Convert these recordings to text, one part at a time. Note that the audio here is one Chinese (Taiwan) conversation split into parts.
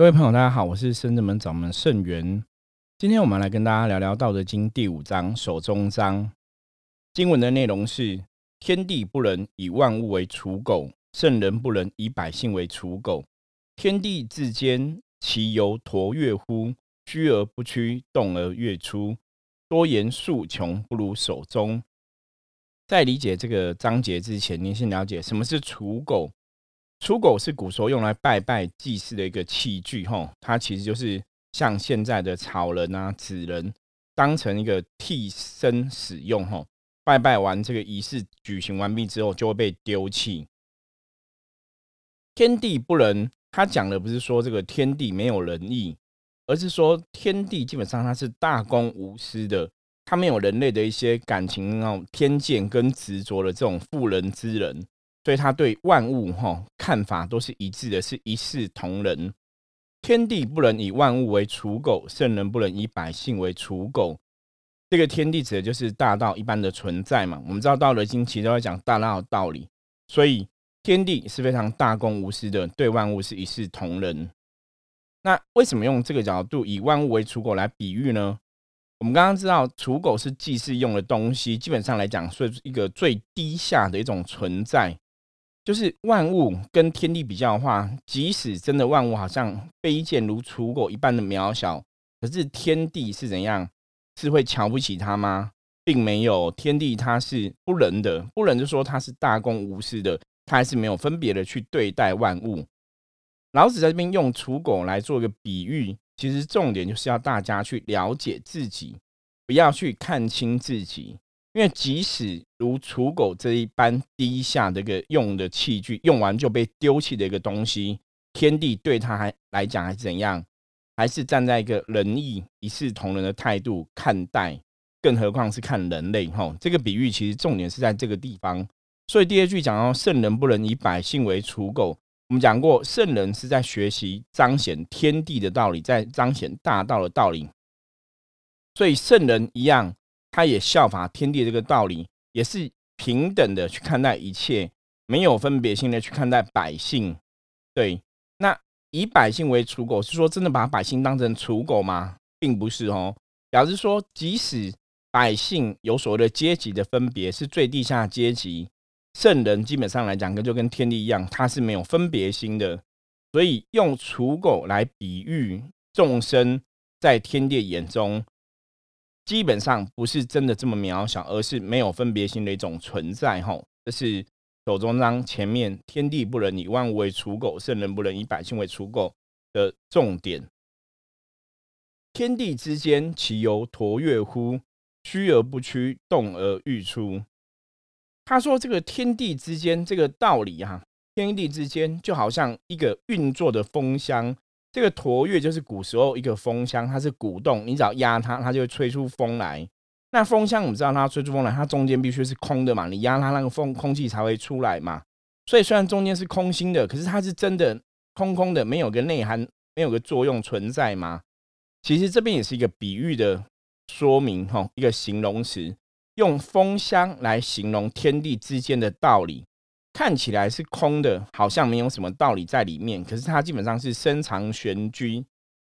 各位朋友，大家好，我是聖真門掌門聖元。今天我們來跟大家聊聊《道德經》第五章“守中章”。經文的內容是：天地不仁以萬物為芻狗，聖人不仁以百姓為芻狗。天地之間，其猶橐龠乎？虛而不屈，動而越出。多言數窮，不如守中。在理解這個章節之前，您先了解什麼是芻狗。芻狗是古時候用來拜拜祭祀的一個器具，吼，它其實就是像現在的草人啊、紙人，當成一個替身使用，吼。拜拜完這個儀式舉行完畢之後，就會被丟棄。天地不仁，他講的不是說這個天地沒有仁義，而是說天地基本上它是大公無私的，它沒有人類的一些感情、那種偏見跟執着的這種婦人之仁，所以它對萬物、哦，看法都是一致的，是一視同仁。天地不能以萬物為芻狗，聖人不能以百姓為芻狗。這個天地指的就是大道一般的存在嘛。我們知道《道德經》其實都在講大道的道理，所以天地是非常大公無私的，對萬物是一視同仁。那為什麼用這個角度以萬物為芻狗來比喻呢？我們剛剛知道，芻狗是祭祀用的東西，基本上來講是一個最低下的一種存在。就是萬物跟天地比較的話，即使真的萬物好像卑賤如芻狗一般的渺小，可是天地是怎樣？是會瞧不起它嗎？並沒有，天地它是不仁的，不仁就說它是大公無私的，它還是沒有分別的去對待萬物。老子在這邊用芻狗來做一個比喻，其實重點就是要大家去了解自己，不要去看輕自己。因為即使如芻狗這一般低下這個用的器具，用完就被丟棄的一個東西，天地對它還來講還是怎樣？還是站在一個仁義、一視同仁的態度看待，更何況是看人類吼、哦。這個比喻其實重點是在這個地方，所以第二句講到聖人不仁，以百姓為芻狗。我們講過，聖人是在學習彰顯天地的道理，在彰顯大道的道理，所以聖人一樣。他也效法天地這個道理，也是平等的去看待一切，沒有分別心的去看待百姓。對，那以百姓為芻狗，是說真的把百姓當成芻狗嗎？並不是哦，表示說即使百姓有所謂的階級的分別，是最低下階級，聖人基本上來講，跟就跟天地一樣，他是沒有分別心的。所以用芻狗來比喻眾生，在天地眼中。基本上不是真的這麼渺小，而是沒有分別心的一種存在，吼。這是《守中章》前面“天地不仁，以萬物為芻狗；聖人不仁，以百姓為芻狗”的重點。天地之間，其猶橐龠乎？虛而不屈，動而愈出。他說：“這個天地之間，這個道理哈、啊，天地之間就好像一個運作的風箱。”這個橐龠就是古時候一個風箱，它是鼓動，你只要壓它，它就會吹出風來。那風箱我們知道它吹出風來，它中間必須是空的嘛，你壓它那個風空氣才會出來嘛。所以雖然中間是空心的，可是它是真的空空的，沒有個內涵，沒有個作用存在嘛。其實這邊也是一個比喻的說明，哈，一個形容詞，用風箱來形容天地之間的道理。看起來是空的，好像沒有什麼道理在裡面。可是它基本上是深藏玄機，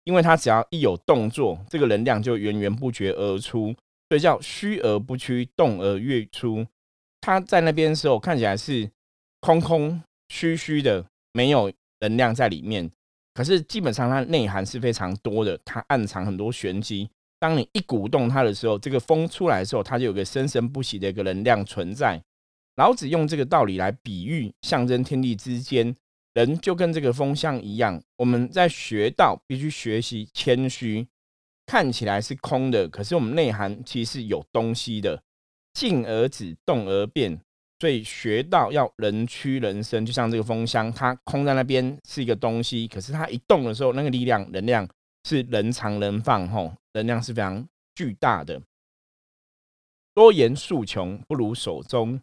因為它只要一有動作，這個能量就源源不絕而出，所以叫虛而不屈，動而愈出。它在那邊的時候看起來是空空虛虛的，沒有能量在裡面。可是基本上它內涵是非常多的，它暗藏很多玄機。當你一鼓動它的時候，這個風出來的時候，它就有個生生不息的一個能量存在。老子用這個道理來比喻，象徵天地之間，人就跟這個風箱一樣。我們在學道，必須學習謙虛，看起來是空的，可是我們內涵其實是有東西的。靜而止，動而變，所以學道要人屈人伸，能屈能伸。就像這個風箱，它空在那邊是一個東西，可是它一動的時候，那個力量、能量是能藏能放吼，能量是非常巨大的。多言數窮，不如守中。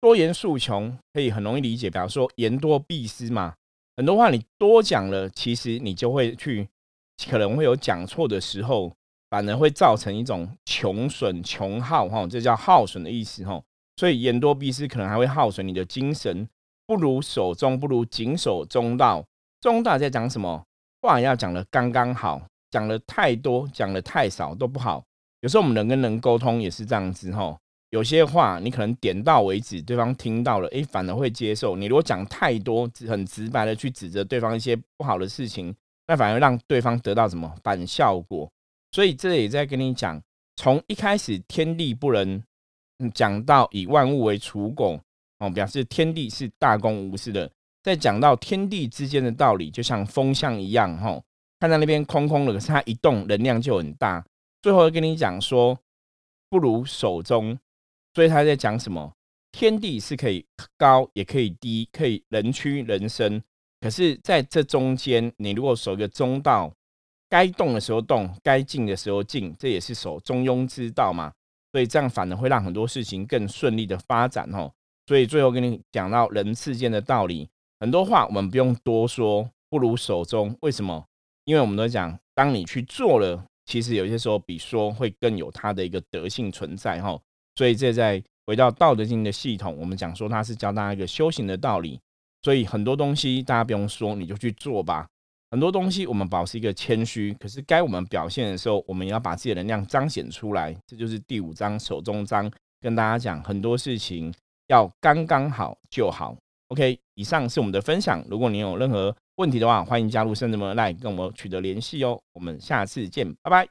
多言數窮，可以很容易理解。比方說，言多必失嘛，很多話你多講了，其實你就會去，可能會有講錯的時候，反而會造成一種窮損、窮耗，哈，這叫耗損的意思，吼。所以言多必失，可能還會耗損你的精神。不如守中，不如謹守中道。中道在講什麼？話要講得剛剛好，講得太多，講得太少都不好。有時候我們人跟人溝通也是這樣子，吼。有些話你可能點到為止，對方聽到了，哎、欸，反而會接受。你如果講太多，很直白的去指責對方一些不好的事情，那反而會讓對方得到什麼反效果。所以這也在跟你講，從一開始天地不仁講、嗯、到以萬物為芻狗哦，表示天地是大公無私的。再講到天地之間的道理，就像風箱一樣，哈、哦，看到那邊空空的，可是它一動能量就很大。最後跟你講說，不如守中。所以他在講什麼？天地是可以高也可以低，可以人屈人伸，可是在這中間，你如果守一個中道，該動的時候動，該靜的時候靜，這也是守中庸之道嘛。所以這樣反而會讓很多事情更順利的發展哦。所以最後跟你講到人世間的道理，很多話我們不用多說，不如守中。為什麼？因為我們都講，當你去做了，其實有些時候比說會更有它的一個德性存在哦。所以這再回到《道德經》的系統，我們講說它是教大家一個修行的道理。所以很多東西大家不用說，你就去做吧。很多東西我們保持一個謙虛，可是該我們表現的時候，我們也要把自己的能量彰顯出來。這就是第五章“守中章”，跟大家講，很多事情要剛剛好就好。OK，以上是我們的分享。如果你有任何問題的話，歡迎加入聖真門的 LINE，跟我們取得聯繫哦。我們下次見，拜拜。